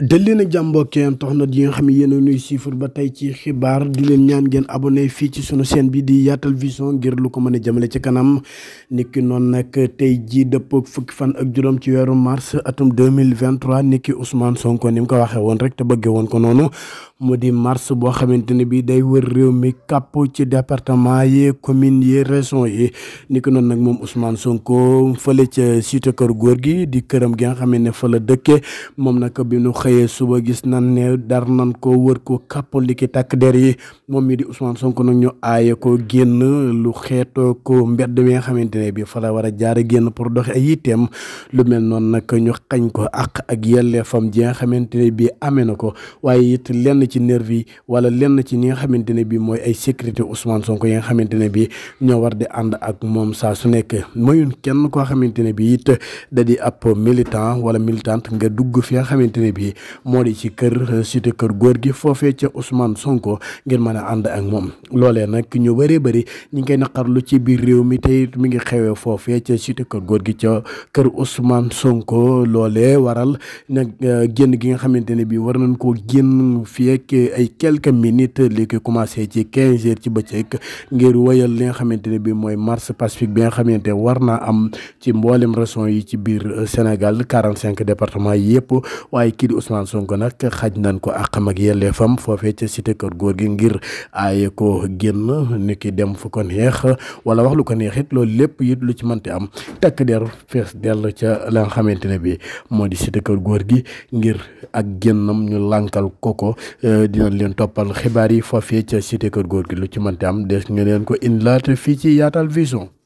dal leen ak jàmbook yam tax na di nga xam ne yéen a nuy siifur ba tey ci xibaar di leen ñaan ngeen abonné fii ci sunu chaîne bi di Yatal Vision ngir lu ko mën a jëmale ci kanam niki noonu nag tey jii dëppook fukki fan ak juróom ci weeru mars atum 2023 niki Ousmane Sonko ni mu ko waxee woon rek te bëggee woon ko noonu mu di mars boo xamante ne bi day wër réew mi kàpp ci département yi communes yi régions yi niki noonu nag moom Ousmane Sonko fële ca cité kër góor gi di këram gi nga xam ne fa suba gis nan ne dar nan ko wër ko kàppaliki takk der yi moom mii di Ousmane Sonko nag ñu aaye ko génn lu xeetoo ko mbedd mi nga xamante ne bi fa la war a jaare génn pour doxe ay yitteem lu mel noon nag ñu xañ ko àq ak yelleefam ji nga xamante ne bi amee na ko waaye it lenn ci nervi wala lenn ci ñi nga xamante ne bi mooy ay sécurité Ousmane Sonko yi nga xamante ne bi ñoo war di ànd ak moom saa su nekk mayun kenn koo xamante ne bi it da di ab wala militante nga dugg fi nga xamante moo di ci kër cité kër góor gi foofee ca Ousmane Sonko ngir mën a ànd ak moom loolee nag ñu bëree bëri ñu ngi koy naqarlu ci biir réew mi tey it mi ngi xewee foofee ca cité kër góor gi ca kër Ousmane Sonko loolee waral nag euh, génn gi nga xamante ne bii war nañ koo génn fii ak ay quelques minutes li ko commencé ci quinze heures ci bëccëg ngir woyal li nga xamante ne bii mooy marche pacifique bi nga xamante ne war naa am ci mboolem régions yi ci biir euh, Sénégal quarante cinq départements yëpp Ousmane Sonko nag xaj nañ ko ak àqam ak yelleefam foofee ca cité kër góor gi ngir aaye ko génn ni ki dem fu ko neex wala wax lu ko neex it loolu lépp it lu ci mënti am takk der fees dell ca la xamante ne bii moo di cité kër góor gi ngir ak génnam ñu lànkal koko euh, dina leen toppal xibaar yi foofee ca cité kër góor gi lu ci mënti am des nga leen ko indilaat fii ci Yaatal Vision